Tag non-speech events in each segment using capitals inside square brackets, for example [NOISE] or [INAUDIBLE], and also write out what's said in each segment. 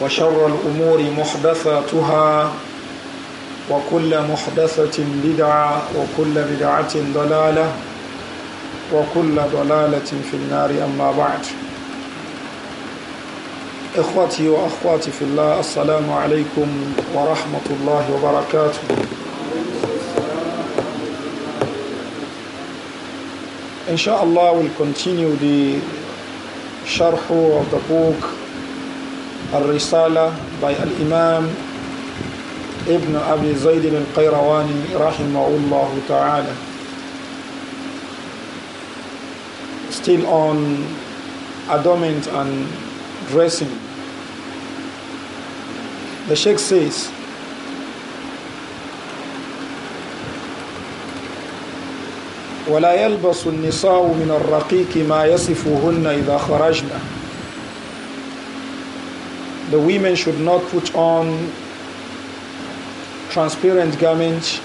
وشر الأمور محدثاتها وكل محدثة بدعة وكل بدعة ضلالة وكل ضلالة في النار أما بعد إخوتي وأخواتي في الله السلام عليكم ورحمة الله وبركاته إن شاء الله we'll continue the sharh of the book الرسالة by الإمام ابن أبي زيد القيرواني رحمه الله تعالى still on adornment and dressing the sheikh says ولا يلبس النساء من الرقيق ما يصفهن إذا خرجنا the women should not put on transparent garments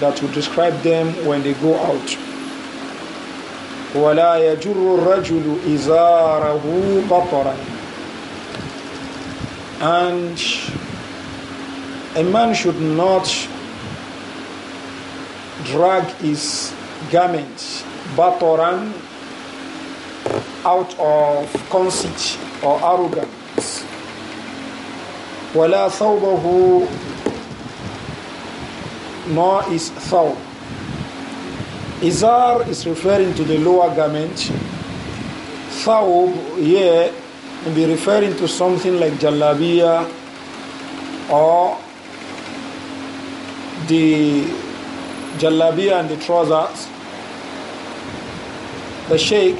that would describe them when they go out. ولا يجر الرجل إزاره بطرا and a man should not drag his garment batoran out of conceit or arrogance ولا ثوبه nor his thawb. Izar is referring to the lower garment. Thawb here we be referring to something like jalabiya or the jalabiya and the trousers. The Sheikh,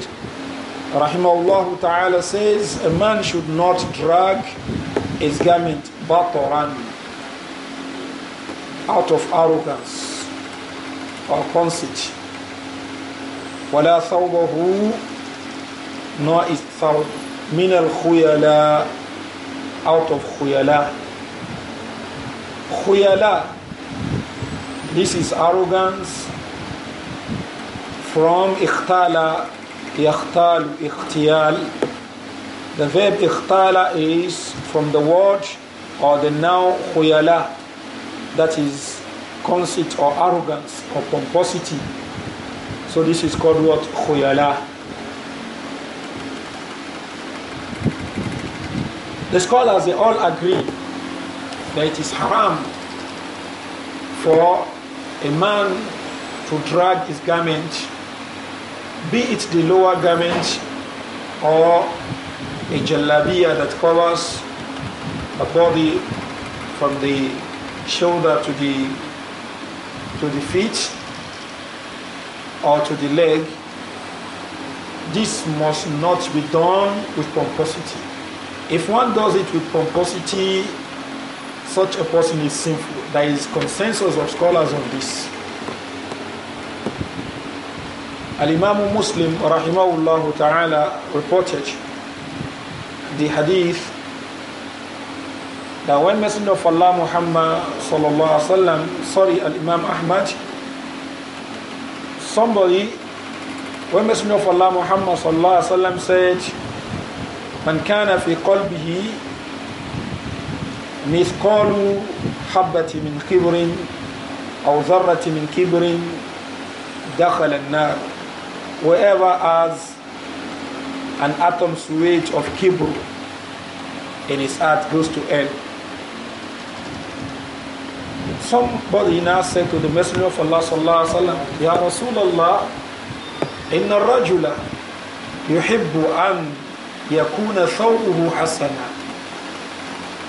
rahimahullah ta'ala, says a man should not drag his garment batoran out of arrogance or conceit. ولا ثوبه nor his thawb من الخيلاء out of خيلاء خيلاء this is arrogance from اختال يختال اختيال the verb ikhtala is from the word or the noun khuyala, that is conceit or arrogance or pomposity. So this is called what khuyala. The scholars they all agree that it is haram for a man to drag his garment, be it the lower garment or a jalabiya that covers a body from the shoulder to the to the feet or to the leg this must not be done with pomposity if one does it with pomposity such a person is sinful there is consensus of scholars on this al-imam muslim rahimahullah ta'ala reported the hadith that when Messenger of Allah Muhammad sallallahu alaihi wasallam, sorry, Al Imam Ahmad, somebody, when Messenger of Allah Muhammad sallallahu alaihi wasallam said, "Man kana fi qalbihi mithqalu habbati min kibrin aw dharrati min kibrin dakhala an-nar." Whoever has an atom's weight of kibru in his heart goes to hell. Somebody now said to the Messenger of Allah sallallahu alaihi wasallam, Ya Rasulullah, inna rajula yuhibbu an yakuna thawbuhu hasana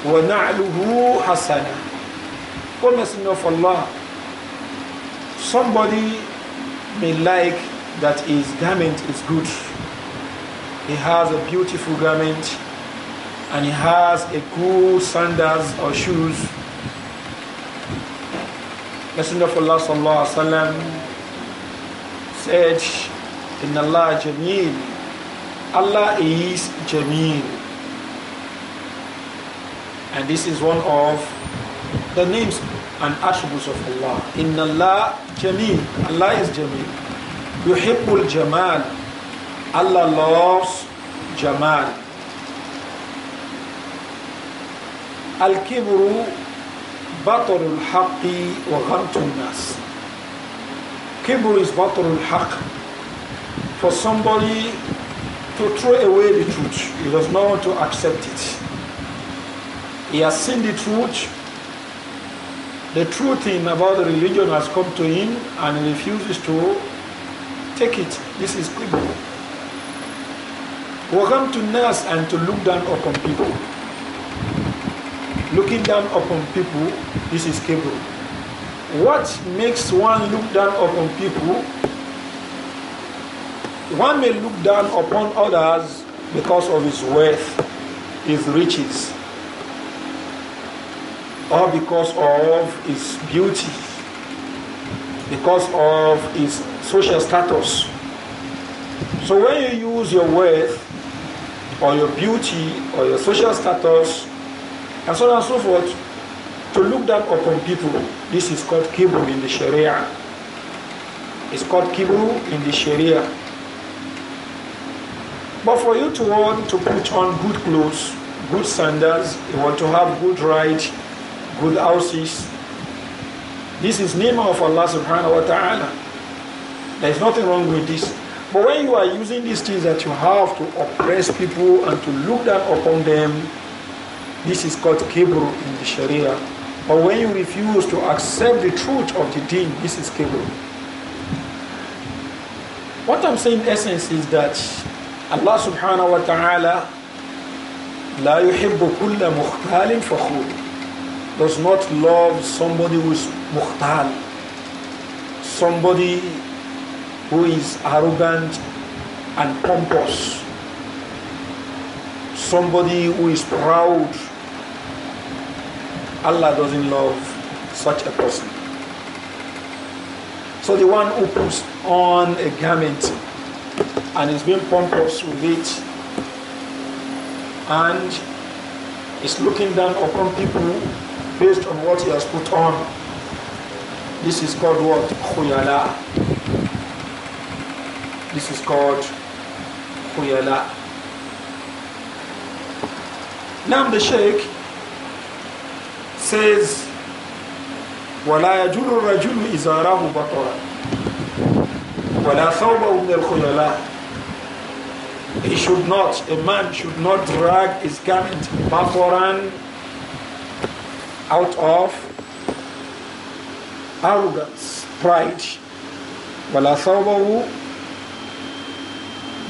wa na'luhu hasana. O Messenger of Allah, somebody may like that his garment is good he has a beautiful garment and he has a cool sandals or shoes. Messenger of Allah sallallahu alaihi wasallam said, "Inna Allah jameel. Allah is jameel." And this is one of the names and attributes of Allah. Inna Allah jameel. Allah is jameel. Yuhibbul jamal. Allah loves Jamal. Al-kibru batarul haqqi wa ghamtun nas. Kibru is batarul haqq. For somebody to throw away the truth. He does not want to accept it. He has seen the truth. The truth in about the religion has come to him and he refuses to take it. This is kibru. Welcome to nurse and to look down upon people. Looking down upon people, this is cable. What makes one look down upon people? One may look down upon others because of his wealth, his riches, or because of his beauty, because of his social status. So when you use your wealth or your beauty or your social status and so on and so forth to look down upon people. This is called kibru in the Sharia. It's called kibru in the Sharia. But for you to want to put on good clothes, good sandals, you want to have good ride, good houses, this is name of Allah subhanahu wa ta'ala. There is nothing wrong with this. But when you are using these things that you have to oppress people and to look down upon them, this is called kibru in the Sharia. But when you refuse to accept the truth of the deen, this is kibru. What I'm saying in essence is that Allah subhanahu wa ta'ala does not love somebody who is mukhtal somebody who is arrogant and pompous, somebody who is proud. Allah doesn't love such a person. So the one who puts on a garment and is being pompous with it and is looking down upon people based on what he has put on. This is called what? Khuyala. This is called Khuyala. Now the Sheikh says, ولا يجر الرجل إزاره بطرا ولا ثوبه من الخيلاء He should not, a man should not drag his garment baforan out of arrogance, pride. ولا ثوبه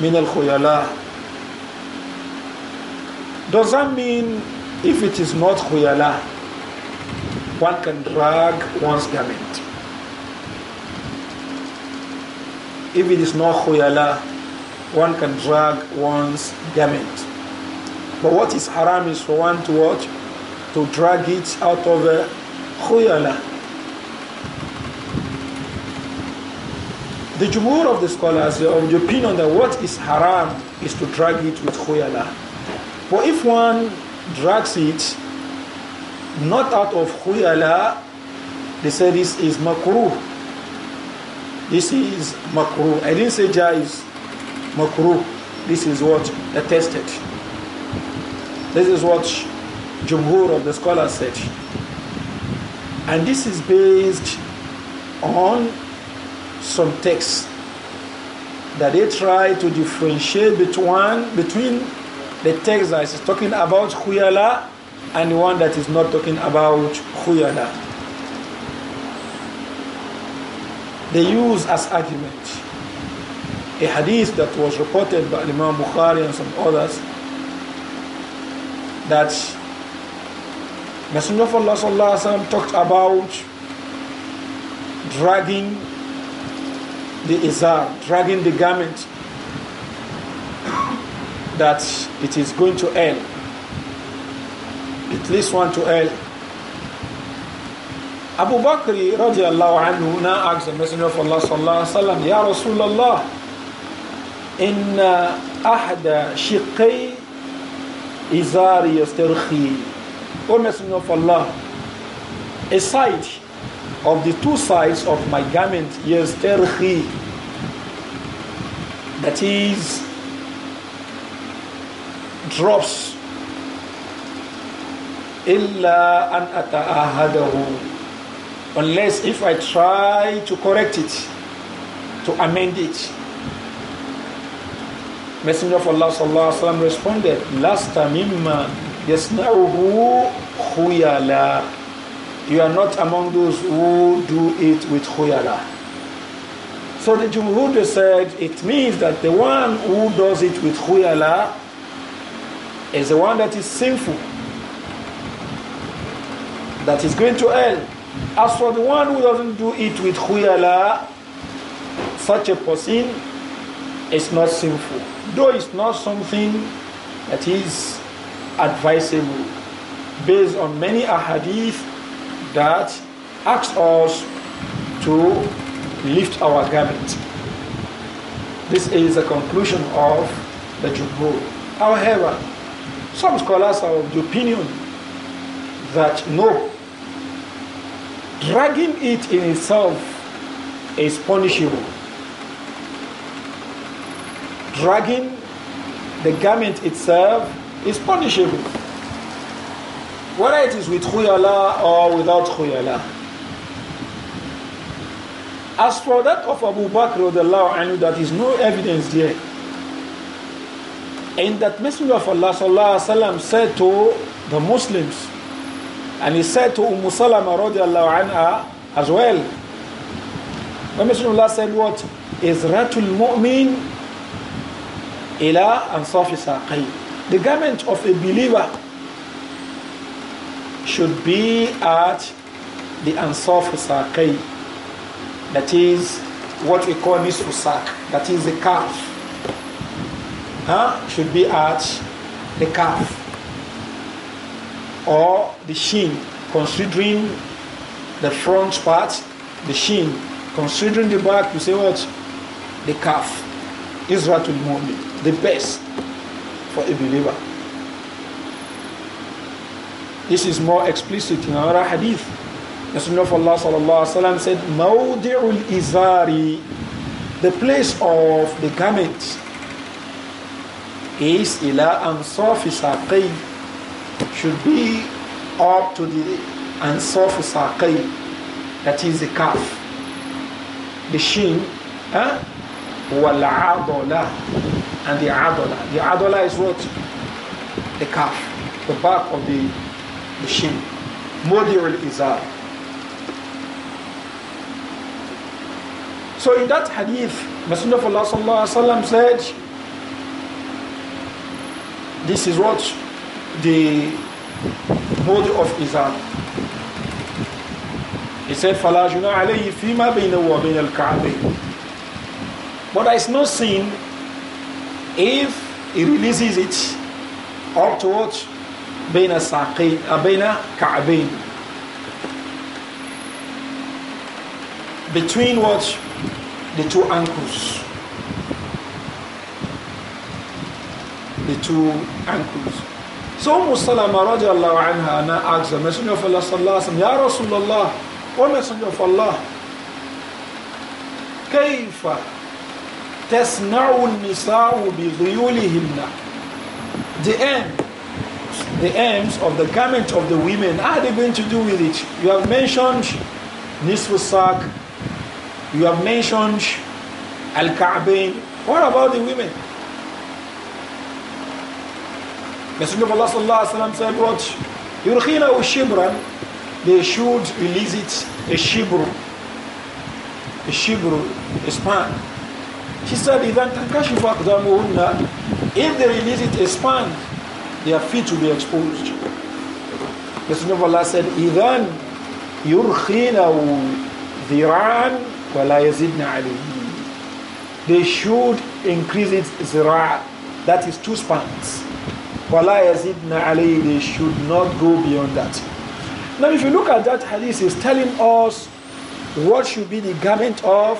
min al khuyala. Does that mean if it is not khuyala, one can drag one's garment? If it is not khuyala, one can drag one's garment. But what is haram is for one to watch, to drag it out of khuyala. The jumhur of the scholars of the opinion that what is haram is to drag it with khuyala. But if one drags it not out of khuyala, they say this is makruh. This is makruh. I didn't say jais, makruh. This is what attested. This is what jumhur of the scholars said. And this is based on some texts that they try to differentiate between between the text that is talking about Huyala and the one that is not talking about khuyala. They use as argument a hadith that was reported by Imam Bukhari and some others that Messenger of Allah sallallahu alaihi wasallam talked about dragging the izar, dragging the garment that it is going to end. It least one to end. Abu Bakr radiallahu anhu now asked the Messenger of Allah sallallahu alaihi wasallam, Ya Rasulullah, إن أحد شقي إزاري يسترخي. O Messenger of Allah, a side of the two sides of my garment yasterhi that is drops illa an ata'ahadahu unless if I try to correct it to amend it Messenger of Allah sallallahu alaihi wasallam responded last mimma yasna'uhu khuyala you are not among those who do it with huyala. So the Jumhud said it means that the one who does it with huyala is the one that is sinful, that is going to hell. As for the one who doesn't do it with huyala, such a person is not sinful, though it's not something that is advisable based on many ahadith that asks us to lift our garment. This is the conclusion of the Jumhur. However, some scholars are of the opinion that no, dragging it in itself is punishable. Dragging the garment itself is punishable. Whether it is with khuyala or without khuyala. As for that of Abu Bakr anhu, that is no evidence there. And that Messenger of Allah وسلم, said to the Muslims, and he said to Umm Salama anha as well, The Messenger of Allah said "What is Ratul mu'min ila ansafi saqay. The garment of a believer should be at the Ansaf Saqay. That is what we call Nisfusak. That is the calf. Huh? Should be at the calf or the shin, considering the front part, the shin, considering the back, you say what? The calf. Israel to the best for a believer. This is more explicit in another hadith. The Sunnah of Allah sallallahu alaihi said, "Mawdi'ul izari," the place of the garment is ila ansafi saqay, should be up to the ansafi saqay, that is the calf, the shin, huh? wal adola, and the adola. The adola is what the calf, the back of the الشيء مودع الإزار So in that hadith, Messenger of Allah sallallahu alaihi wasallam said, "This is what the mode of Islam." He said, "فلا جناح عليه فيما بينه وبين الكعبين." But there is no sin if he releases it up towards بين ساقين بين كعبين between what the two ankles the two ankles so Umm Salama radiallahu anha and I asked the Messenger of Allah sallallahu alayhi wa sallam Ya Rasulullah O Messenger of Allah كيف تصنع النساء بغيولهن the end the ends of the garment of the women. How are they going to do with it? You have mentioned Nisfusak, you have mentioned Al Ka'bain. What about the women? Messenger of Allah sallallahu alayhi wa said what? Yurkhina shibran, they should release it a shibru. A shibru, a span. She said, if they release it a span their feet will be exposed. Messenger of Allah said, Idan yurkhinahu They should increase it zira, that is two spans. Wa la they should not go beyond that. Now if you look at that hadith, it's telling us what should be the garment of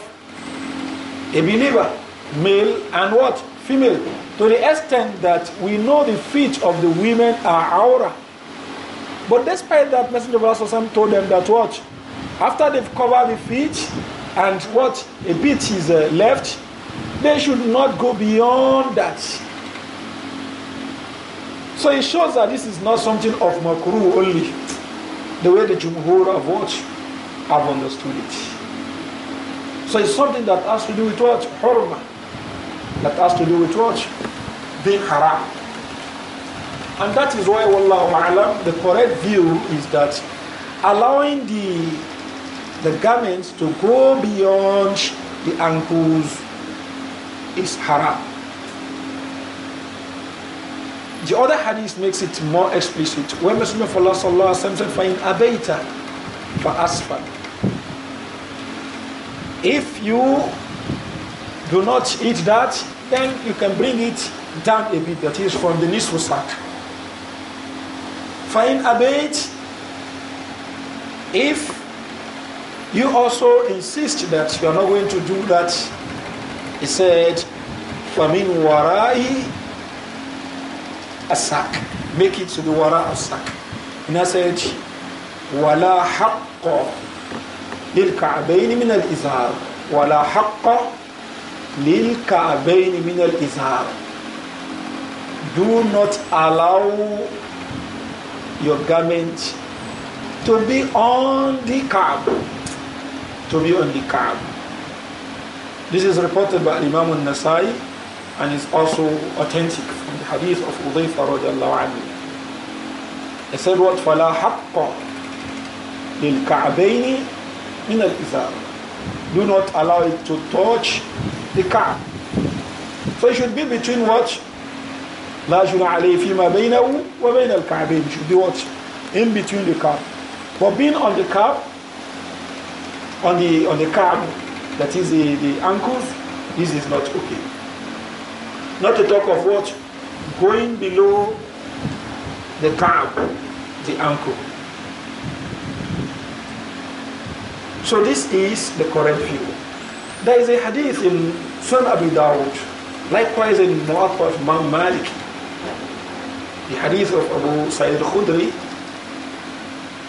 a believer, male and what? Female to the extent that we know the feet of the women are aura. But despite that, Messenger of Allah told them that what? After they've covered the feet and what a bit is uh, left, they should not go beyond that. So it shows that this is not something of makruh only, the way the Jumhur of what have understood it. So it's something that has to do with what? Hurmah. That has to do with what? being haram. And that is why, Wallahu A'lam, the correct view is that allowing the, the garments to go beyond the ankles is haram. The other hadith makes it more explicit. When Messenger of Allah sallallahu alaihi wasallam said, "Fa'in abayta, fa'asfal." If you do not eat that, then you can bring it down a bit, that is from the nisfu sack. Fine abate, if you also insist that you are not going to do that, he said, Famin warai a sack, Make it to the wara sack." And I said, lil حق للكعبين من الإزار ولا lil min al الإزار do not allow your garment to be on the curb. To be on the curb. This is reported by Imam al-Nasai and is also authentic from the hadith of Udhaifa radiallahu anhu. He said what? lil حَقَّ min al الْإِذَارِ Do not allow it to touch the curb. So it should be between what? لا جناح عليه فيما بينه وبين الكعبين should be what? In between the calf. But being on the calf, on the on the calf, that is the, the ankles, this is not okay. Not to talk of what? Going below the calf, the ankle. So this is the correct view. There is a hadith in Sunan Abi Dawud, likewise in North of Imam Malik, the hadith of Abu Sa'id al-Khudri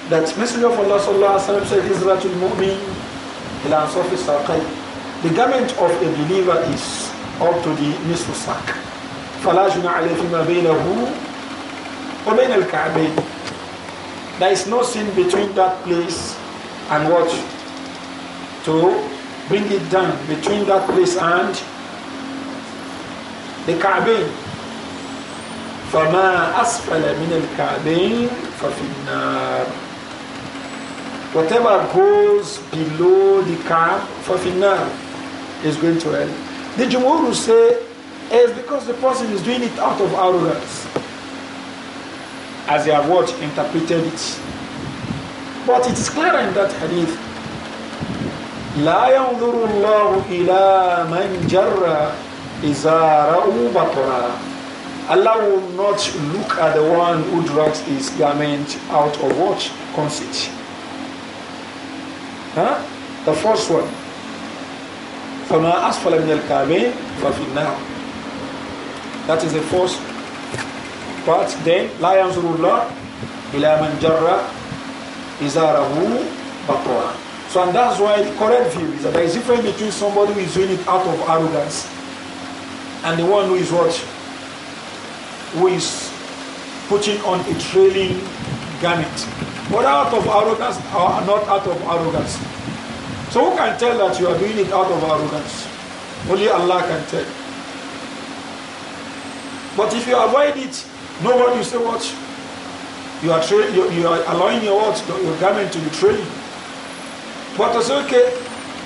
that Messenger of Allah sallallahu alaihi wasallam said Izratul mu'min ila surface saqay the garment of a believer is up to the nisfu saq فلا جناح عليه بينه وبين الكعبين there is no sin between that place and what to bring it down between that place and the Ka'bah فما أسفل من الكعبين ففي النار Whatever goes below the calf, ففي النار is going to hell. The Jumhur will say it's because the person is doing it out of arrogance. As they have what? Interpreted it. But it is clear in that hadith. لا ينظر الله إلى من جر إزاره بطرا Allah will not look at the one who drags his garment out of what? Conceit. Huh? The first one. فَمَا أَسْفَلَ مِنَ الْكَعْبَيْنِ فَفِي النَّارِ That is the first part. Then, لَا يَنْصُرُ اللَّهِ إِلَى مَنْ جَرَّ إِزَارَهُ بَطْرًا So, and that's why the correct view is that there is difference between somebody who is doing it out of arrogance and the one who is what? who is putting on a trailing garment. But out of arrogance or uh, not out of arrogance. So who can tell that you are doing it out of arrogance? Only Allah can tell. But if you avoid it, nobody will say what? You are, tra- you, you are allowing your, what? your garment to be trailing. But it's okay,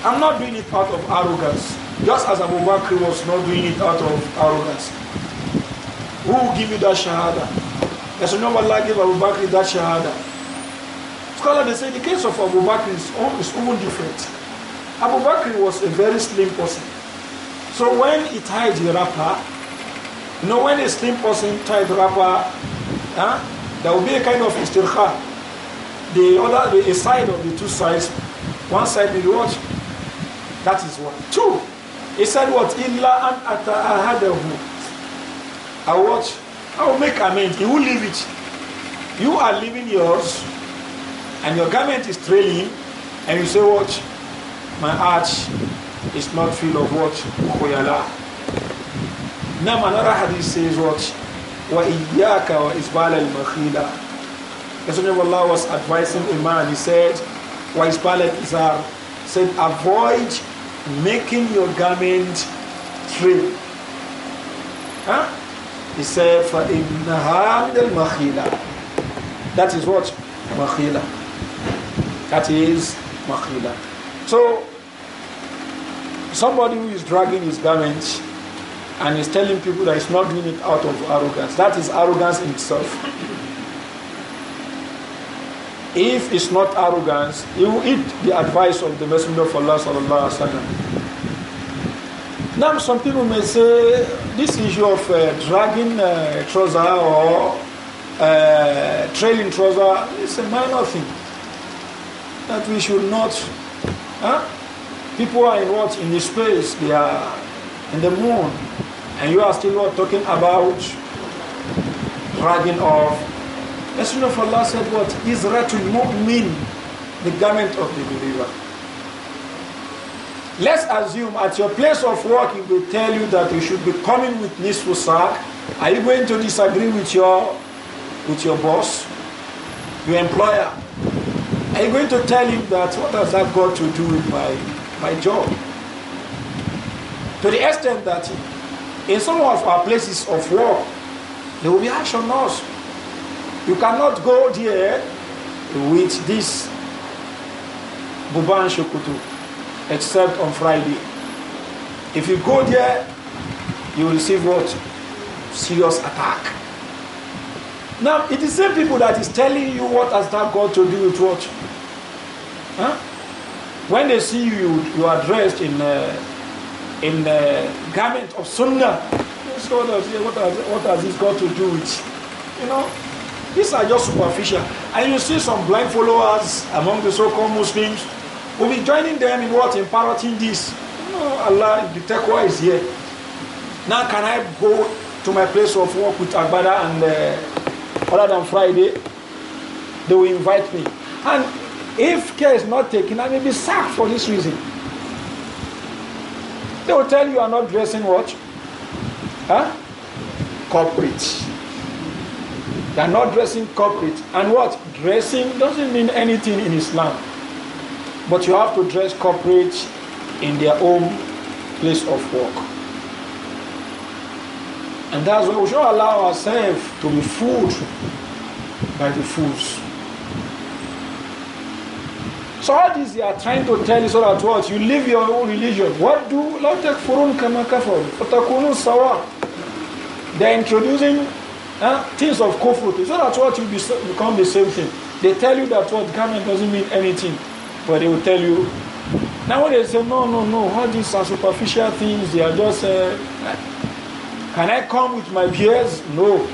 I'm not doing it out of arrogance. Just as Abu Bakr was not doing it out of arrogance. Who will give you that shahada? As you know, Allah gave Abu Bakr that shahada. Scholar, they say the case of Abu Bakr is, oh, is different. Abu Bakr was a very slim person. So when he tied the wrapper, you know, when a slim person tied the wrapper, huh, there will be a kind of istirha. The other, the side of the two sides, one side will watch. That is one. Two, he said what? Illa an who. I will watch. I will make amends. He will leave it. You are leaving yours, and your garment is trailing, and you say, Watch, my heart is not filled of what? koyala. Now another hadith says what? وَإِيَّاكَ وَإِسْبَالَ الْمَخِيلَ Messenger when Allah was advising a man, he said, وَإِسْبَالَ الْإِزَارِ said, avoid making your garment trail. Huh? He said, فَإِنَّهَا مِنَ الْمَخِيلَةِ That is what? Makhila. That is makhila. So, somebody who is dragging his garment and is telling people that he's not doing it out of arrogance. That is arrogance in itself. If it's not arrogance, he will eat the advice of the Messenger of Allah now, some people may say this issue of uh, dragging uh, trouser or uh, trailing trouser is a minor thing that we should not. Huh? People are in what? In the space, they are in the moon, and you are still not talking about dragging off. As soon as Allah said, "What is right to mean the garment of the believer. Let's assume at your place of work, it will tell you that you should be coming with this Sack. Are you going to disagree with your, with your boss, your employer? Are you going to tell him that what has that got to do with my, my job? To the extent that in some of our places of work, there will be action laws. You cannot go there with this Buban Shukutu except on Friday. If you go there, you will receive what? Serious attack. Now, it is same people that is telling you what has that got to do with what? Huh? When they see you, you are dressed in uh, in the uh, garment of Sunnah. So what, has, what, has, what has this got to do with? You know, these are just superficial. And you see some blind followers among the so-called Muslims We'll be joining them in what? In parroting this. Oh, Allah, the taqwa is here. Now can I go to my place of work with Agbada and uh, other than Friday? They will invite me. And if care is not taken, I may be sacked for this reason. They will tell you are not dressing what? Huh? Corporate. They are not dressing corporate. And what? Dressing doesn't mean anything in Islam. But you have to dress corporate in their own place of work. And that's why we should allow ourselves to be fooled by the fools. So all this they are trying to tell you so that what you live your own religion. What do لا تكفرون كما كفروا فتكونون They're introducing uh, things of kufr so that what you become the same thing. They tell you that what garment doesn't mean anything. But they will tell you. Now when they say, no, no, no, all these are superficial things, they are just, uh, can I come with my beers? No,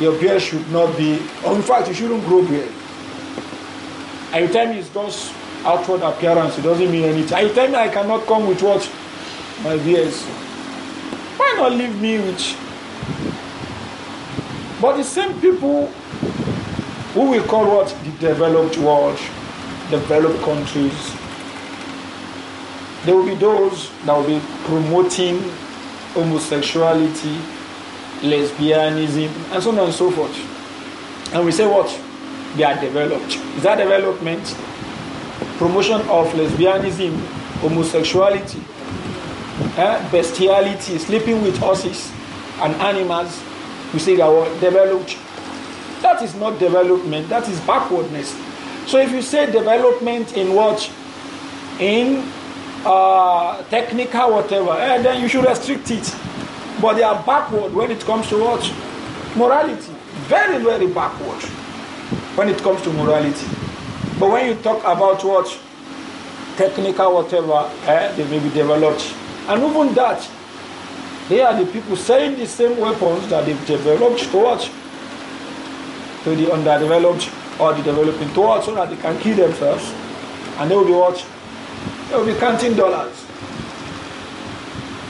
your beard should not be, or oh, in fact, you shouldn't grow beard. I tell me it's just outward appearance, it doesn't mean anything. And tell me I cannot come with what? My beers. Why not leave me with? But the same people who we call what? The developed world developed countries. There will be those that will be promoting homosexuality, lesbianism, and so on and so forth. And we say what? They are developed. Is that development? Promotion of lesbianism, homosexuality, eh, bestiality, sleeping with horses and animals. We say that developed. That is not development, that is backwardness. So if you say development in what? In uh, technical whatever, eh, then you should restrict it. But they are backward when it comes to what? Morality. Very, very backward when it comes to morality. But when you talk about what? Technical whatever, eh, they may be developed. And even that, they are the people selling the same weapons that they've developed to what? To the underdeveloped or the developing towards so that they can kill themselves and they will be what? They will be counting dollars.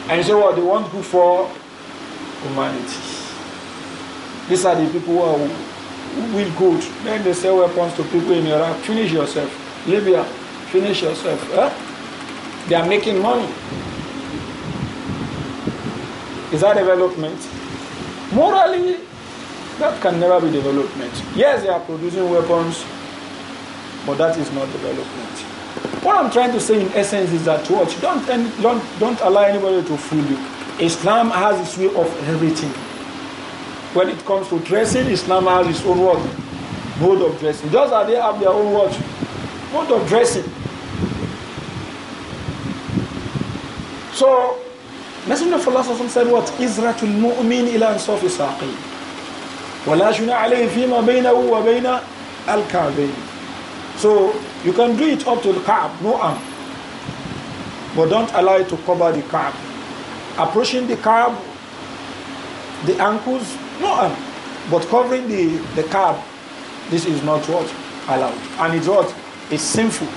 And you say what? They want good for humanity. These are the people who are will good. Then they sell weapons to people in Iraq. Finish yourself. Libya, finish yourself. Eh? They are making money. Is that development? Morally, that can never be development. Yes, they are producing weapons, but that is not development. What I'm trying to say in essence is that what don't don't don't allow anybody to fool you. Islam has its way of everything. When it comes to dressing, Islam has its own word, mode of dressing. Just as they have their own word, mode of dressing. So, Messenger of Allah said what? Isratul mu'min ila ansafi saqi. وَلَا شُنَا عَلَيْهِ فِيمَا بَيْنَهُ وَبَيْنَ الْكَعْبَيْنِ So you can do it up to the Kaab, no arm. But don't allow it to cover the Kaab. Approaching the Kaab, the ankles, no arm. But covering the, the Kaab, this is not what allowed. And it's what is It's sinful.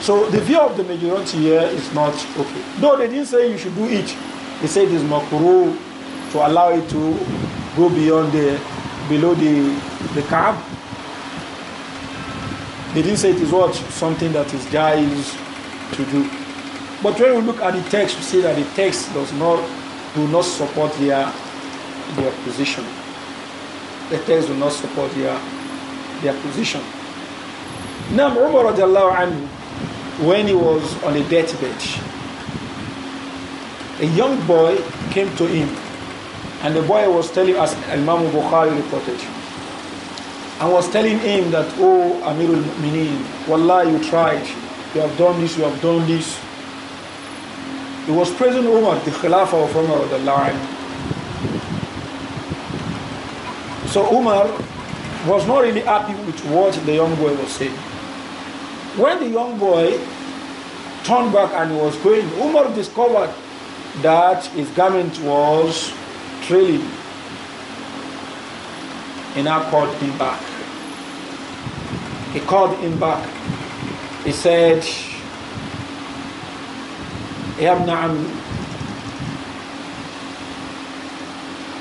So the view of the majority here is not okay. Though they didn't say you should do it, they said it is makruh to allow it to go beyond the below the the cab. They didn't say it is what something that is guys to do. But when we look at the text, we see that the text does not do not support their their position. The text do not support their their position. Now Umar when he was on a deathbed, a young boy came to him and the boy was telling us, Imam Bukhari reported, and was telling him that, Oh, Amirul Mu'mineen, Wallah, you tried. You have done this, you have done this. It was President Umar, the Khilafah of Umar of the line. So Umar was not really happy with what the young boy was saying. When the young boy turned back and was going, Umar discovered that his garment was trailing. He now called him back. He called him back. He said, Ibn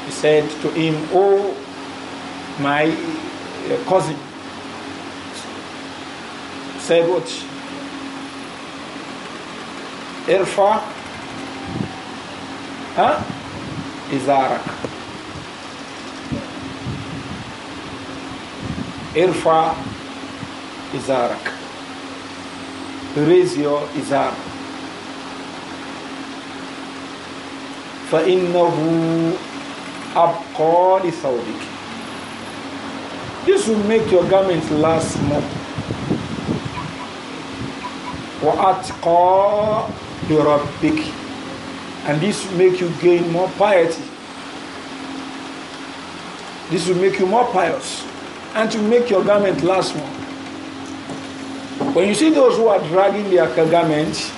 He said to him, Oh, my uh, cousin. He said what? Irfa. Huh? إزارك ارفع إزارك raise your إزار فإنه أبقى لثوبك This will make your garment last more. وأتقى لربك and this will make you gain more piety. This will make you more pious and to make your garment last more. When you see those who are dragging their garments,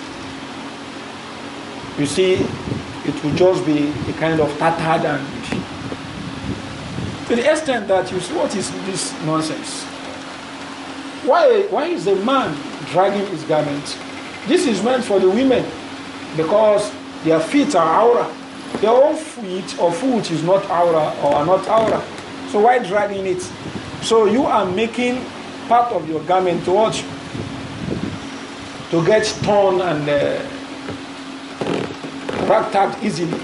you see it will just be a kind of tattered and to the extent that you see what is this nonsense. Why, why is a man dragging his garment? This is meant for the women because their feet are aura. Their own feet or foot is not aura or are not aura. So why dragging it? So you are making part of your garment to watch to get torn and uh, up easily.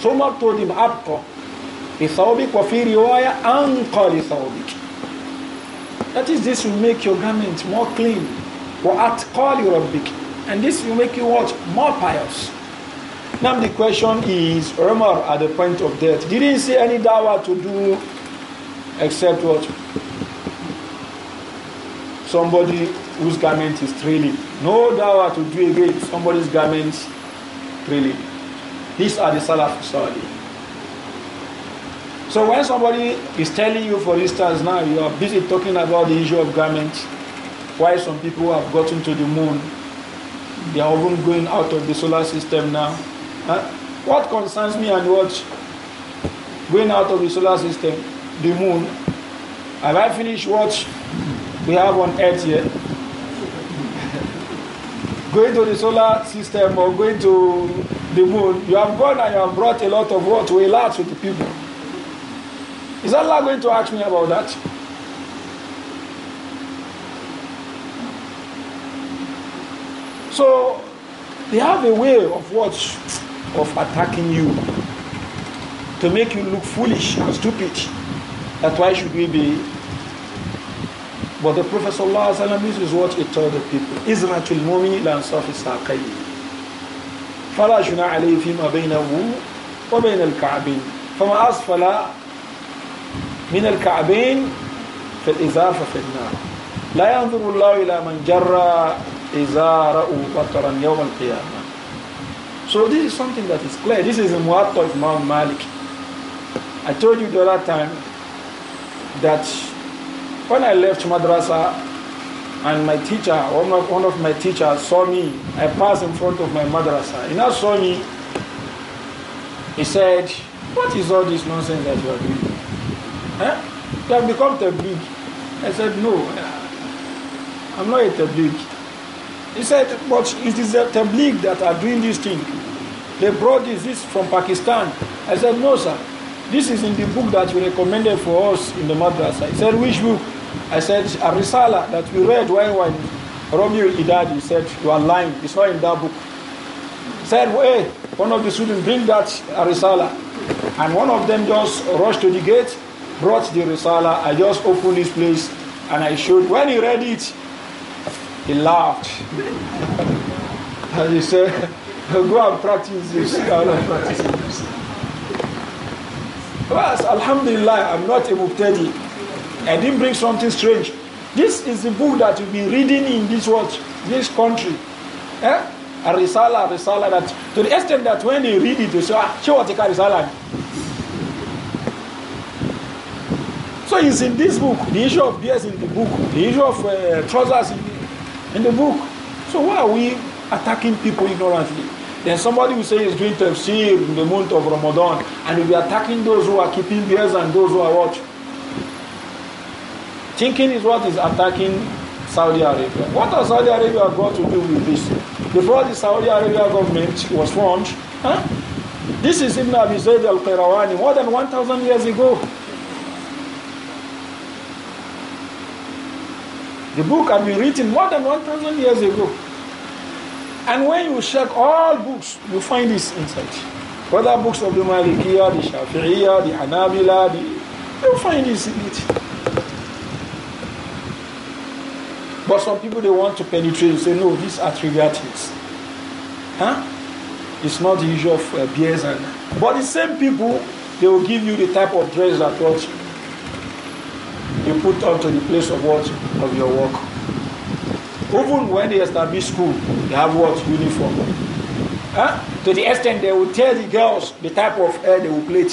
So Umar told him, wa بثوبك وفي رواية أنقى لثوبك. That is, this will make your garment more clean. وأتقى لربك. And this will make you what? More pious. Now the question is, Umar at the point of death, didn't see any dawah to do except what? Somebody whose garment is trailing. No dawah to do again, somebody's garment trailing. These are the Salaf Salih. So when somebody is telling you, for instance, now you are busy talking about the issue of garments, why some people have gotten to the moon, they are even going out of the solar system now. Huh? What concerns me and what going out of the solar system, the moon. Have I finished what we have on Earth here? going to the solar system or going to the moon, you have gone and you have brought a lot of what we laugh with the people. Is Allah going to ask me about that? So they have a way of what? Of attacking you. To make you look foolish and stupid. That why should we be? But the Prophet ﷺ, this is what he told the people. إِذْنَةُ الْمُؤْمِنِ لَنْ صَفِ سَاقَيْهِ فلا جناح عليه فيما بينه وبين الكعبين فما أسفل من الكعبين في الإزافة في النار لا ينظر الله إلى من جرى so this is something that is clear. This is in of Imam Malik. I told you the other time that when I left madrasa and my teacher, one of, one of my teachers saw me, I passed in front of my madrasa. He now saw me, he said, what is all this nonsense that you are doing? Huh? You have become tabligh. I said, no, I'm not a tabligh. He said, but it is the Tabligh that are doing this thing. They brought this, this from Pakistan. I said, no, sir. This is in the book that you recommended for us in the madrasa. He said, which book? I said, a risala that we read when, when Romeo Idadi said, you are lying. It's not in that book. He said, hey, one of the students, bring that a risala. And one of them just rushed to the gate, brought the risala. I just opened this place and I showed. When he read it, he laughed. and he said, Go and practice this. Go and practice this. Well, Alhamdulillah, I'm not a Mubtadi. I didn't bring something strange. This is the book that you've been reading in this world, this country. Eh? A risala, a risala that to the extent that when they read it, they say, ah, show what a risala. So it's in this book, the issue of beers in the book, the issue of uh, trousers in the in the book. So why are we attacking people ignorantly? Then somebody will say he's doing tafsir in the month of Ramadan and he'll be attacking those who are keeping bears and those who are watching. Thinking is what is attacking Saudi Arabia. What has Saudi Arabia got to do with this? Before the Saudi Arabia government was formed, huh? this is Ibn Abi Zayd al-Qirawani more than 1,000 years ago. The book had been written more than 1,000 years ago. And when you check all books, you find this inside. Whether books of the Malikiya, the Shafi'iyya, the Hanabila, the, you find this in it. But some people they want to penetrate and say, no, these are trivial things. Huh? It's not the usual for uh, beers and. But the same people, they will give you the type of dress that what be put onto the place of what? Of your work. Even when they establish school, they have what? Uniform. Huh? To the extent they will tell the girls the type of hair they will plait.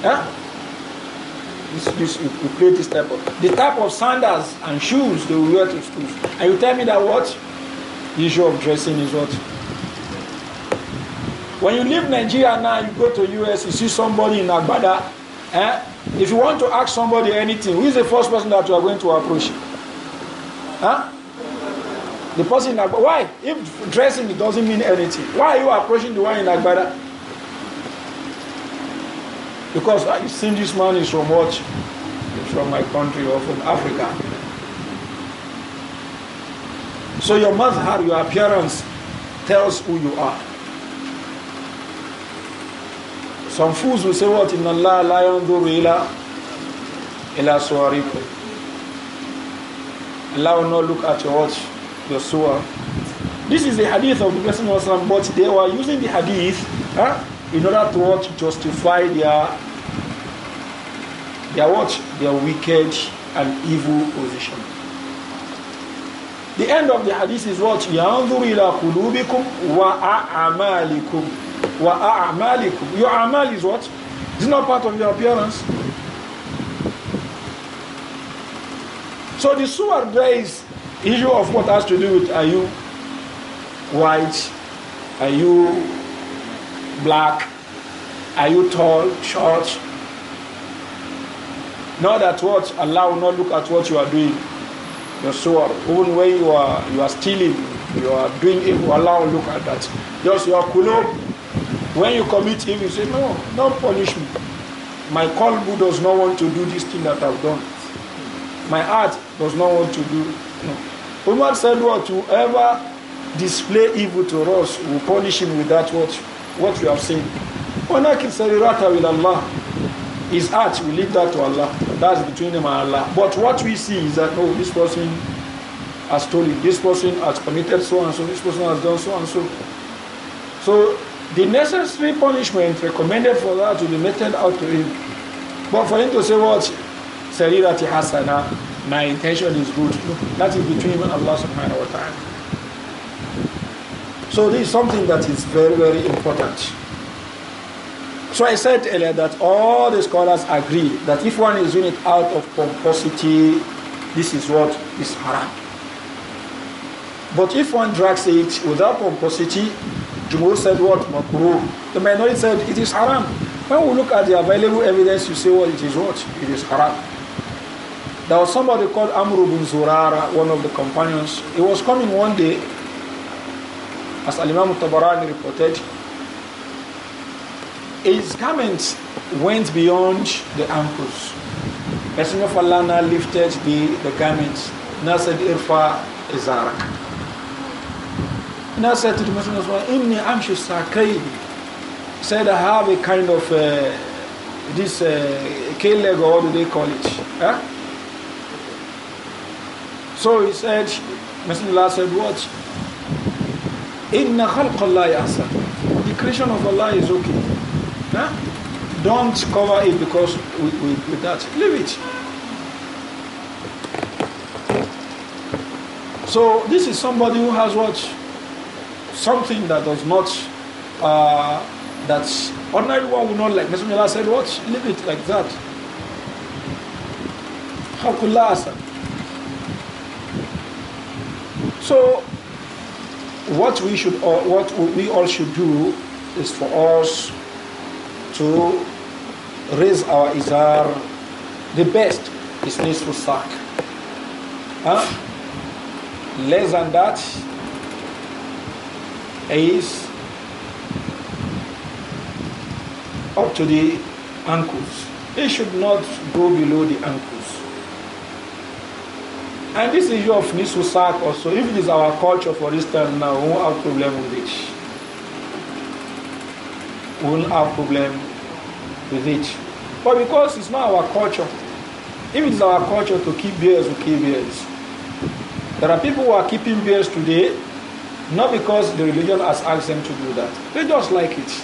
Huh? This, this, you play this type of the type of sandals and shoes they will wear to school. And you tell me that what? issue of dressing is what? When you leave Nigeria now, you go to US, you see somebody in Agbada, eh? If you want to ask somebody anything, who is the first person that you are going to approach? Huh? The person in Agbada. Why? If dressing doesn't mean anything, why are you approaching the one in Agbada? Because I've seen this man is from what? From my country or from Africa. So your mazhar, your appearance, tells who you are. Some fools will say, What in Allah, la yanduru ila, ila suwarikum. Allah will not look at your watch, your suwar. This is the hadith of the Allah. but they were using the hadith huh, in order to what, justify their their what? Their wicked and evil position. The end of the hadith is what? ila إِلَى wa وَأَعْمَالِكُمْ wa a'malikum. Your amal is what? It's not part of your appearance. So the suwar there is issue of what has to do with are you white, are you black, are you tall, short? Not that what Allah will not look at what you are doing. Your suwar, even when you are you are stealing, you are doing it. Allah will look at that. Just your kulub when you commit evil, you say, No, don't punish me. My kalbu does not want to do this thing that I've done. My heart does not want to do. No. Umar said, What? Whoever display evil to us, will punish him with that what, what we have said. وَنَكِنْ سَرِرَاتَ with Allah. His heart will leave that to Allah. That's between him and Allah. But what we see is that, oh, this person has stolen, this person has committed so and so, this person has done so and so. So the necessary punishment recommended for that to be meted out to him. But for him to say what? Sarirati Hasana, my intention is good. That is between him and Allah subhanahu wa ta'ala. So this is something that is very, very important. So I said earlier that all the scholars agree that if one is doing it out of pomposity, this is what is haram. But if one drags it without pomposity, Jumhur said what? Makruh. The minority said it is haram. When we look at the available evidence, you say, well, it is what? It is haram. There was somebody called Amr bin Zurara, one of the companions. He was coming one day, as Al-Imam Tabarani reported, his garments went beyond the ankles. Messenger of Allah lifted the, the garments. Now said, Irfa Izarak. And I said to the Messenger of Allah, Inni amshu sakayi. said, I have a kind of uh, this uh, or what college." they call it? So he said, Messenger of Allah said, what? Inna khalq Allah yasa. The creation of Allah is okay. Don't cover it because with, with, with that. Leave it. So this is somebody who has watched." something that does not, uh, that ordinary one would not like. Messenger Allah said, What? Leave it like that. How could last?" So, what we should, or what we all should do, is for us to raise our izar. The best is to sack. Huh? Less than that, it is up to the ankles. It should not go below the ankles. And this issue of nisu sack also, if it is our culture, for time now we won't have problem with it. We won't have problem with it. But because it's not our culture, if it is our culture to keep bears, we keep bears. There are people who are keeping bears today not because the religion has asked them to do that. They just like it.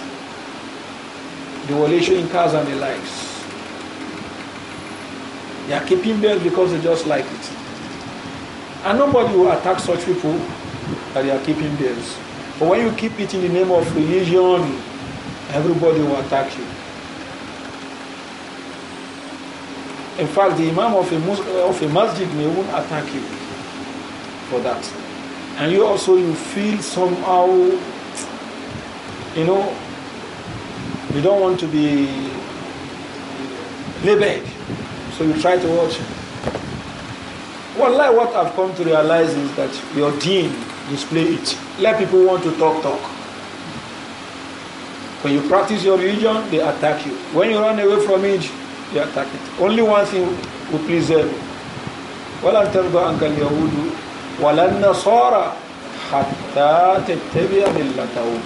The were in cars and the likes. They are keeping bells because they just like it. And nobody will attack such people that they are keeping bells. But when you keep it in the name of religion, everybody will attack you. In fact, the imam of a, of a masjid may even attack you for that and you also you feel somehow you know you don't want to be labeled so you try to watch well like what i've come to realize is that your team display it let people want to talk talk when you practice your religion they attack you when you run away from it they attack it only one thing will please them ولا ترضى عنك ولا النصارى حتى تتبع ملتهم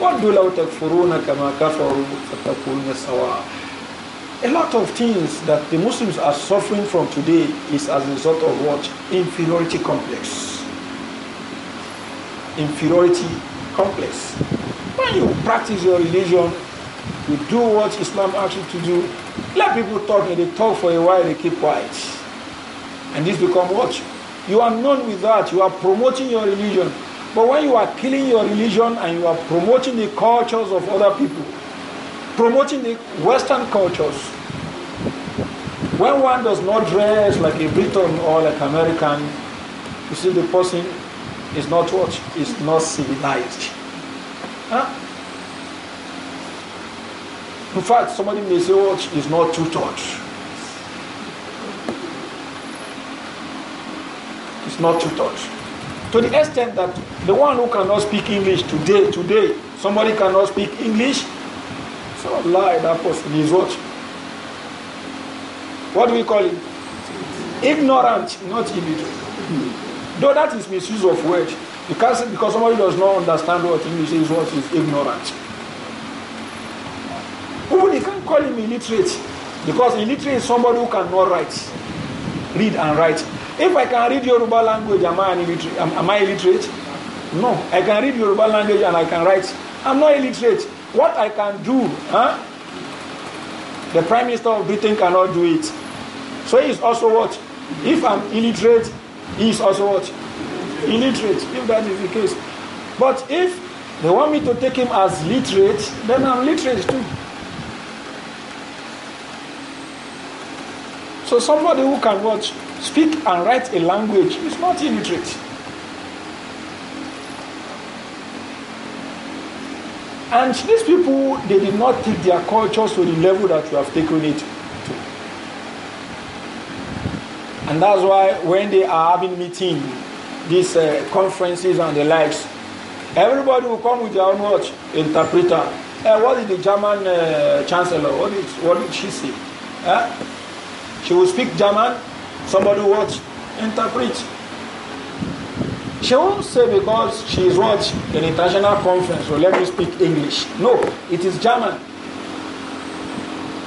ودوا لو تكفرون كما كفروا فتكون سواء A lot of things that the Muslims are suffering from today is as a result of what? Inferiority complex. Inferiority complex. When you practice your religion, you do what Islam asks you to do. Let people talk and they talk for a while, they keep quiet. And this become what? You are known with that. You are promoting your religion. But when you are killing your religion and you are promoting the cultures of other people, promoting the Western cultures, when one does not dress like a Briton or like American, you see the person is not what is not civilized. Huh? In fact, somebody may say what is not too taught. is not tutored. To the extent that the one who cannot speak English today, today, somebody cannot speak English, so lie that person is what? What do we call it? Ignorant, not illiterate. Though that is misuse of word, because, because somebody does not understand what English is, what is ignorant. Who can call him illiterate, because illiterate is somebody who cannot write, read and write. If I can read Yoruba language, am I, illiterate? Am, am I illiterate? No. I can read Yoruba language and I can write. I'm not illiterate. What I can do, huh? The Prime Minister of Britain cannot do it. So he is also what? If I'm illiterate, he is also what? Illiterate, if that is the case. But if they want me to take him as literate, then I'm literate too. So somebody who can watch speak and write a language is not illiterate. And these people, they did not take their cultures to the level that we have taken it to. And that's why when they are having meetings, these uh, conferences and the likes, everybody will come with their own watch, interpreter. Uh, what did the German uh, chancellor, what did, what did she say? Eh? She will speak German, Somebody what? Interpret. She won't say because she is what? An international conference, so let me speak English. No, it is German.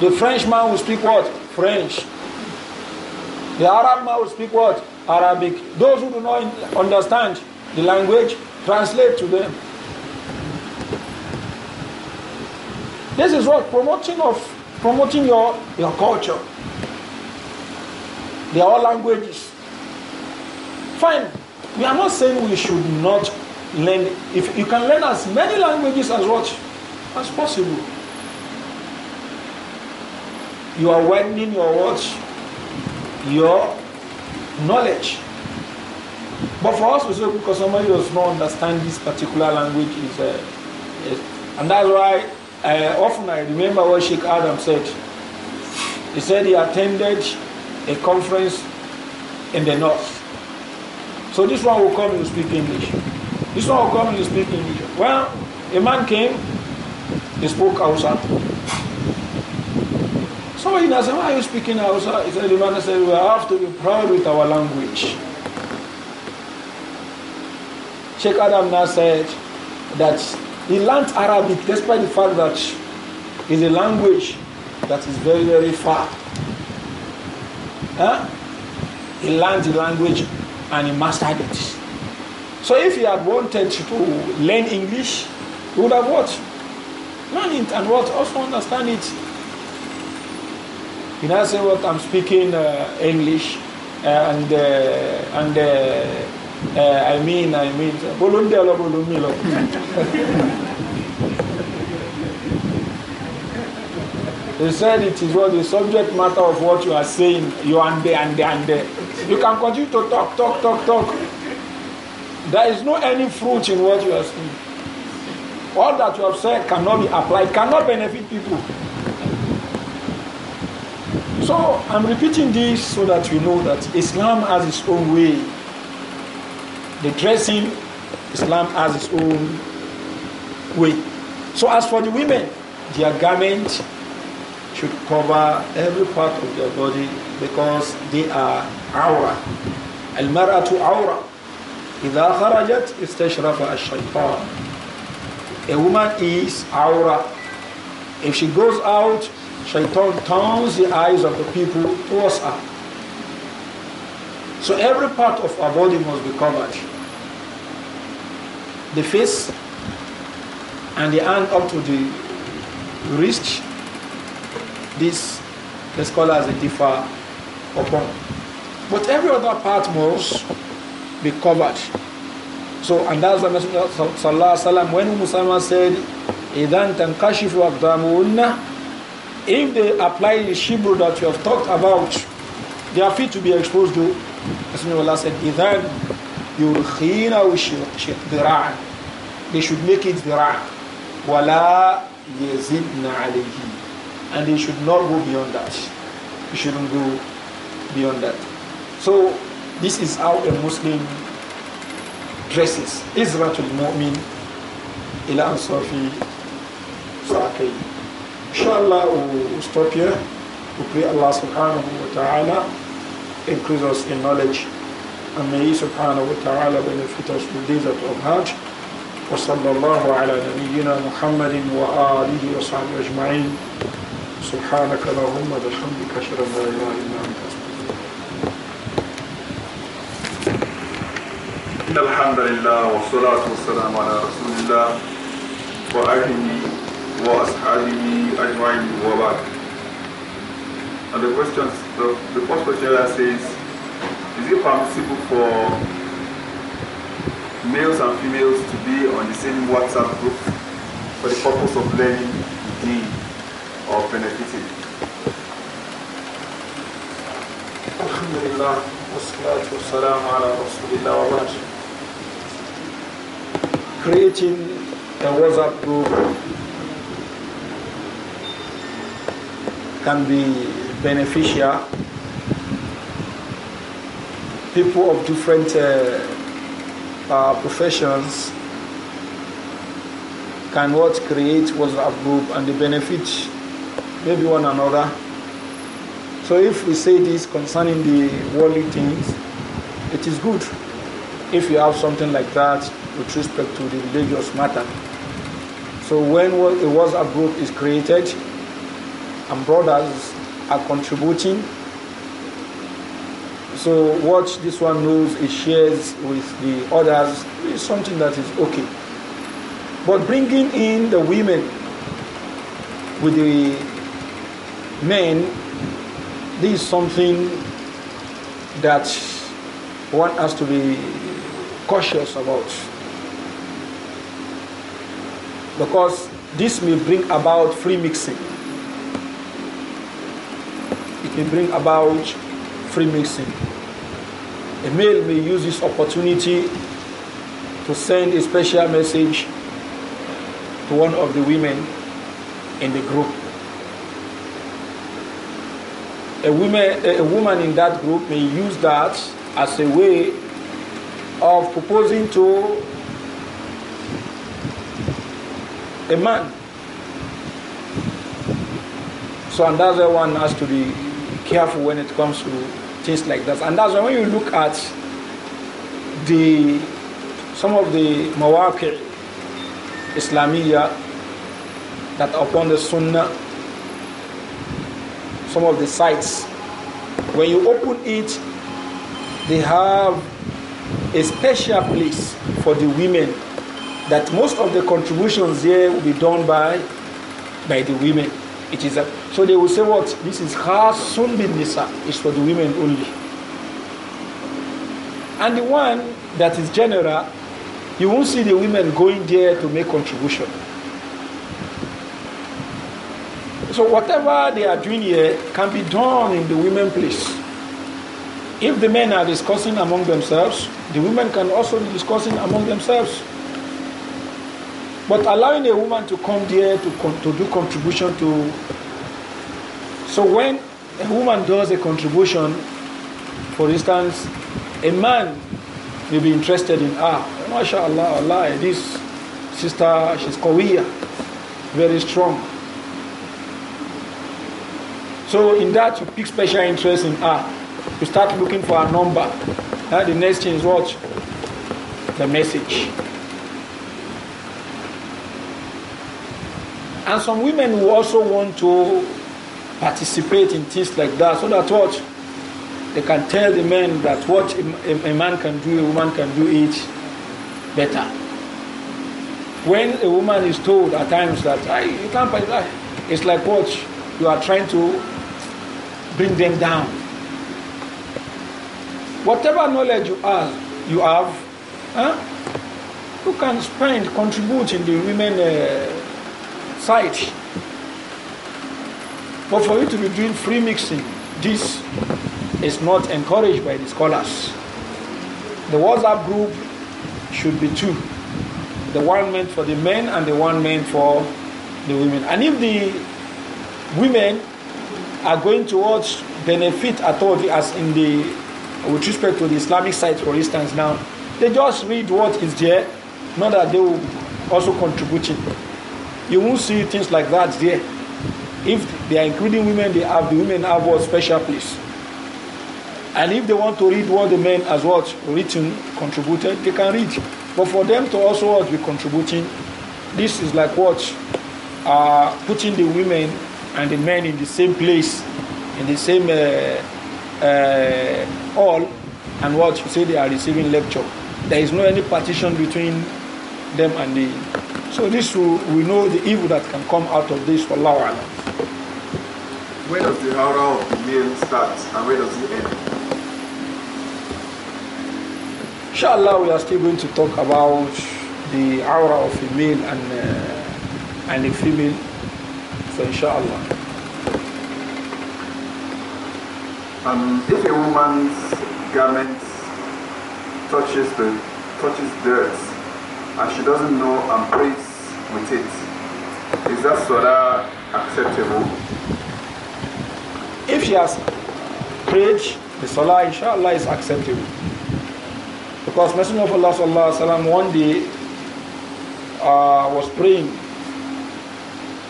The Frenchman will speak what? French. The Arab man will speak what? Arabic. Those who do not understand the language, translate to them. This is what promoting of promoting your, your culture. They are all languages. Fine. We are not saying we should not learn. If you can learn as many languages as what as possible. You are widening your what your knowledge. But for us, we say because somebody does not understand this particular language is, uh, is and that's why uh, often I remember what Sheikh Adam said. He said he attended a conference in the north. So this one will come and speak English. This one will come and speak English. Well, a man came, he spoke Hausa. So he said, why are you speaking Hausa? He said, the man said, we have to be proud with our language. Sheikh Adam now said that he learned Arabic despite the fact that it's a language that is very, very far Huh? He learned the language and he mastered it. So if he had wanted to learn English, he would have what? Learn it and what? Also understand it. You know, I say what I'm speaking uh, English uh, and uh, and uh, uh, I mean I mean. Uh, [LAUGHS] They said it is what the subject matter of what you are saying, you are there and there and there. You can continue to talk, talk, talk, talk. There is no any fruit in what you are saying. All that you have said cannot be applied, cannot benefit people. So I'm repeating this so that you know that Islam has its own way. The dressing, Islam has its own way. So as for the women, their garment should cover every part of your body because they are awra. Al-mar'atu awra. إذا خرجت استشرف الشيطان. A woman is awra. If she goes out, shaitan turns the eyes of the people towards her. So every part of our body must be covered. The face and the hand up to the wrist this the scholars differ upon. But every other part must be covered. So, and that's the Messenger of Allah when Musamma said, إِذَنْ تَنْكَشِفُ أَقْدَامُهُنَّ If they apply the shibru that you have talked about, their feet to be exposed to. Messenger of Allah said, إِذَنْ يُرْخِينَ شِقْدِرَعًا They should make it dira'an. وَلَا يَزِدْنَ alayhi and they should not go beyond that. You shouldn't go beyond that. So this is how a Muslim dresses. Izratul mu'min ila ansafi sa'akay. Inshallah we'll stop here. We pray Allah subhanahu wa ta'ala increase us in knowledge and may he subhanahu wa ta'ala benefit us with these that of Hajj. وصلى الله على نبينا محمد وآله وصحبه أجمعين سبحانك اللهم بحمدك اشهد ان لا اله الا انت ان الحمد لله والصلاه والسلام على رسول الله واصحابه اجمعين وبعد And the questions, the, the first question says, is it permissible for males and females to be on the same WhatsApp group for the purpose of learning the or benefiting? Creating a WhatsApp group can be beneficial. People of different uh, uh, professions can what create WhatsApp group and the benefit maybe one another. So if we say this concerning the worldly things, it is good if you have something like that with respect to the religious matter. So when a WhatsApp group is created and brothers are contributing, so what this one knows it shares with the others is something that is okay. But bringing in the women with the men, this is something that one has to be cautious about. Because this may bring about free mixing. It may bring about free mixing. A male may use this opportunity to send a special message to one of the women in the group a woman, a woman in that group may use that as a way of proposing to a man. So, and that's why one has to be careful when it comes to things like that. And that's why when you look at the some of the Mawakir Islamiyah that upon the Sunnah some of the sites. When you open it, they have a special place for the women that most of the contributions here will be done by by the women. It is a, so they will say what this is soon been Nisa is for the women only. And the one that is general, you won't see the women going there to make contribution. So whatever they are doing here can be done in the women place. If the men are discussing among themselves, the women can also be discussing among themselves. But allowing a woman to come there to, to do contribution to. So when a woman does a contribution, for instance, a man may be interested in, ah, mashallah, Allah, this sister, she's Korea, very strong. So in that you pick special interest in her. You start looking for a number. Now the next thing is what? The message. And some women who also want to participate in things like that so that what? They can tell the men that what a, man can do, a woman can do it better. When a woman is told at times that I, you can't buy that, it's like what? You are trying to bring them down. Whatever knowledge you have, you have, huh? you can spend, contribute in the women uh, side. But for you to be doing free mixing, this is not encouraged by the scholars. The WhatsApp group should be two the one meant for the men and the one meant for the women. And if the women are going towards benefit at all, as in the with respect to the Islamic side, for instance. Now, they just read what is there, not that they will also contribute it. You won't see things like that there. If they are including women, they have the women have what special place. And if they want to read what the men as what written contributed, they can read. But for them to also be contributing, this is like what uh, putting the women and the men in the same place, in the same uh, uh, hall, and what you say they are receiving lecture. There is no any partition between them and the. So this will, we know the evil that can come out of this for Allah. Where does the aura of the male start and where does it end? Inshallah, we are still going to talk about the aura of a male and uh, and a female so inshallah. Um, if a woman's garment touches the touches dirt and she doesn't know and prays with it, is that salah acceptable? If she has prayed, the salah inshallah is acceptable. Because Messenger of Allah sallallahu alaihi wasallam one day uh, was praying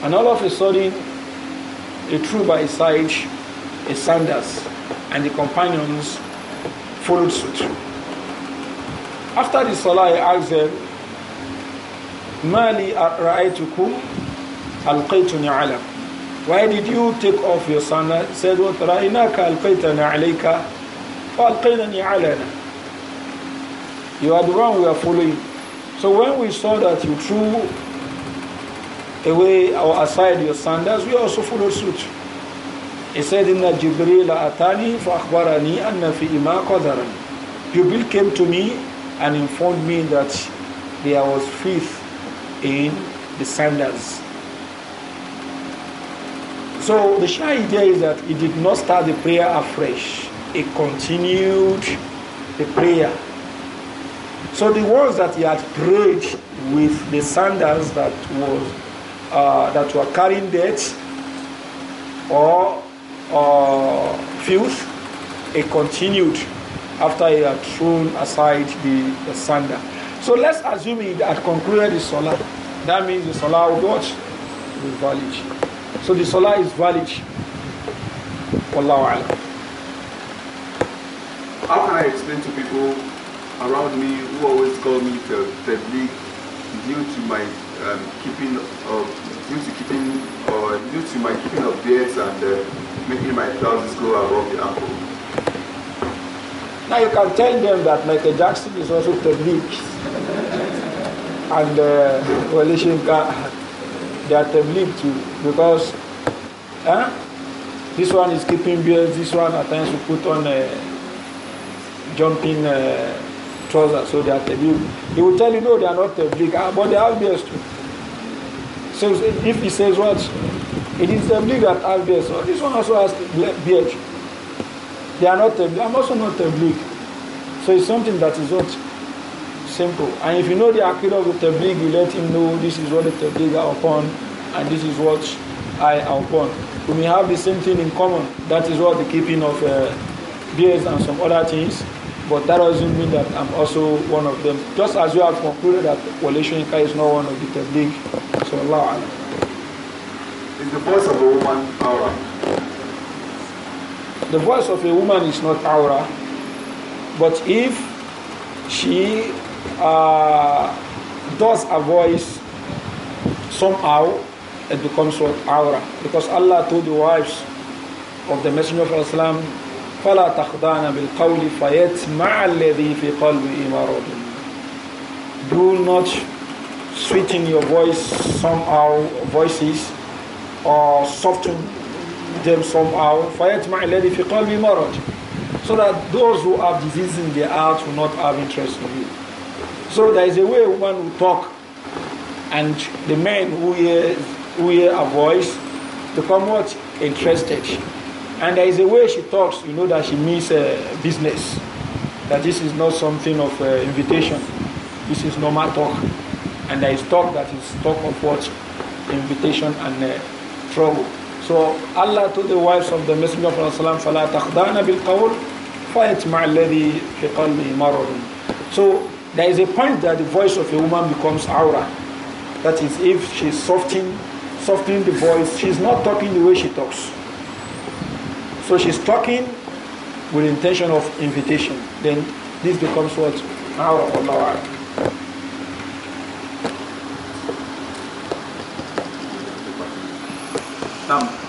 and all of a sudden, a tree by his side a Sanders, and the companions followed suit. After the Salah, I asked them, Mali ra'aytukum alqaytuni ala. Why did you take off your sandals? said, What ra'inaka alqaytana alayka wa alqaynani alana. You are the one we are following. So when we saw that you threw away or aside your sandals, we also follow suit. He said in that Jibril Atani Fakhbarani Anna fi ima qadaran. Jibril came to me and informed me that there was faith in the sandals. So the shy idea is that he did not start the prayer afresh. He continued the prayer. So the words that he had prayed with the sandals that was uh, that were carrying debt or uh, filth, it continued after he had thrown aside the, the sander. So let's assume he had concluded the solar. That means the solar of what? Is valid. So the solar is valid. Wallahu alam. How can I explain to people around me who always call me the Tabligh due to my um, keeping of due to keeping or due to my keeping of dates and uh, making my trousers go above the ankle. Now you can tell them that Michael Jackson is also Tabligh and uh, coalition they are Tabligh too because eh, this one is keeping beards, this one attempts to put on uh, jumping uh, trousers so they are Tabligh. They will tell you no they are not Tabligh but they have beards too. So if he says what? It is Tabligh that have beard. So this one also has beard. They are not Tabligh. I'm also not Tabligh. So it's something that is not simple. And if you know the Akira of the you let him know this is what the Tabligh are upon and this is what I am upon. We may have the same thing in common. That is what the keeping of uh, beards and some other things. But that doesn't mean that I'm also one of them. Just as you have concluded that Walishinka is not one of the Tabligh. Wallahu alam. Is the voice of a woman aura? The voice of a woman is not aura, but if she uh, does a voice somehow, it becomes what aura. Because Allah told the wives of the Messenger of Islam, فلا تخضعن بالقول فيتمع الذي في قلبه مرض. Do not sweeten your voice somehow, voices, or soften them somehow. So that those who have disease in their heart will not have interest in you. So there is a way one will talk, and the men who hear, who hear a voice become what? Interested. And there is a way she talks, you know that she means uh, business. That this is not something of uh, invitation. This is normal talk. And there is talk that is talk of what? Invitation and uh, trouble. So Allah to the wives of the Messenger of Allah فَلَا تَخْضَعْنَ بِالْقَوْلِ فَيَتْمَعَ الَّذِي فِي قَلْبِهِ مَرَضٌ So there is a point that the voice of a woman becomes aura. That is, if she's softening, softening the voice, she's not talking the way she talks. So she's talking with intention of invitation. Then this becomes what? Aura or Allah. там